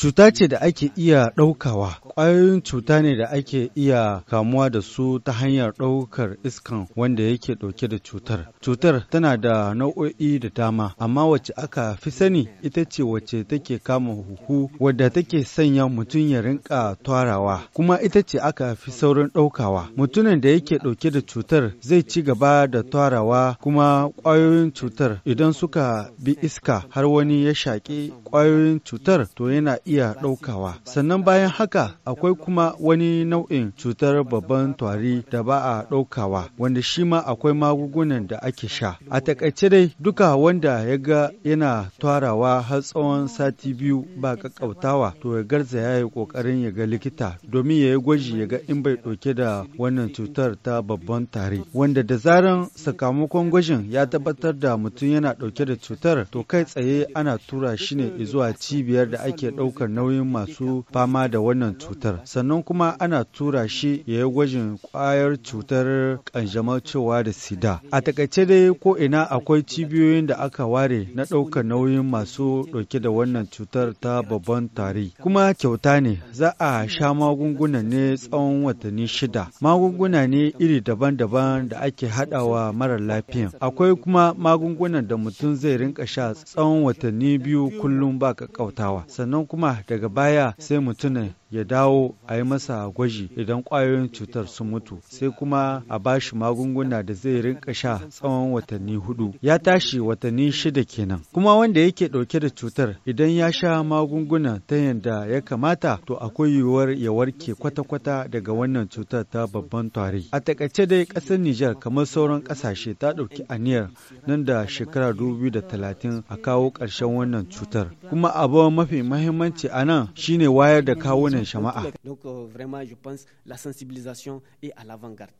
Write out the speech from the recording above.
Cuta ce da ake iya ɗaukawa, ƙwayoyin cuta ne da ake iya kamuwa da su ta hanyar ɗaukar iskan wanda yake ɗauke da cutar. Cutar tana da nau'o'i da dama, amma wacce aka fi sani ita ce wacce take kama huhu wadda take sanya mutum ya rinka twarawa, kuma ita ce aka fi saurin ɗaukawa. Mutumin da yake ɗauke da cutar zai ci gaba da twarawa kuma ƙwayoyin cutar idan suka bi iska har wani ya shaƙi ƙwayoyin cutar to yana iya ɗaukawa. Sannan bayan haka akwai kuma wani nau'in cutar babban tari da ba a ɗaukawa wanda shi ma akwai magungunan da ake sha. A takaice dai duka wanda ya ga yana tarawa har tsawon sati biyu ba kakkautawa to ya garza ya yi ƙoƙarin ya ga likita domin ya yi gwaji ya ga in bai ɗauke da wannan cutar ta babban tari wanda da zaran sakamakon gwajin ya tabbatar da mutum yana ɗauke da cutar to kai tsaye ana tura shi ne zuwa cibiyar da ake ɗaukar nauyin masu fama da wannan cutar sannan kuma ana tura shi ya yi gwajin ƙwayar cutar kanjamar cewa da sida a takaice dai ko ina akwai cibiyoyin da aka ware na ɗaukar nauyin masu ɗauke da wannan cutar ta babban tari kuma kyauta ne za a sha magunguna ne tsawon watanni shida magunguna ne iri daban-daban da ake haɗawa mara lafiya akwai kuma magungunan da mutum zai rinka sha tsawon watanni biyu kullum kullum ba ƙaƙƙautawa sannan kuma daga baya sai mutumin ya dawo a yi masa gwaji idan ƙwayoyin cutar sun mutu sai kuma a ba shi magunguna da zai rinka sha tsawon watanni hudu ya tashi watanni shida kenan kuma wanda yake ɗauke da cutar idan ya sha magunguna ta yadda ya kamata to akwai yiwuwar ya warke kwata-kwata daga wannan cutar ta babban tari a takaice dai ƙasar Nijar kamar sauran ƙasashe ta ɗauki aniyar nan da shekara da talatin a kawo ƙarshen wannan cutar kuma abu mafi mahimmanci a nan shine wayar da kawunan shama'a. Euh,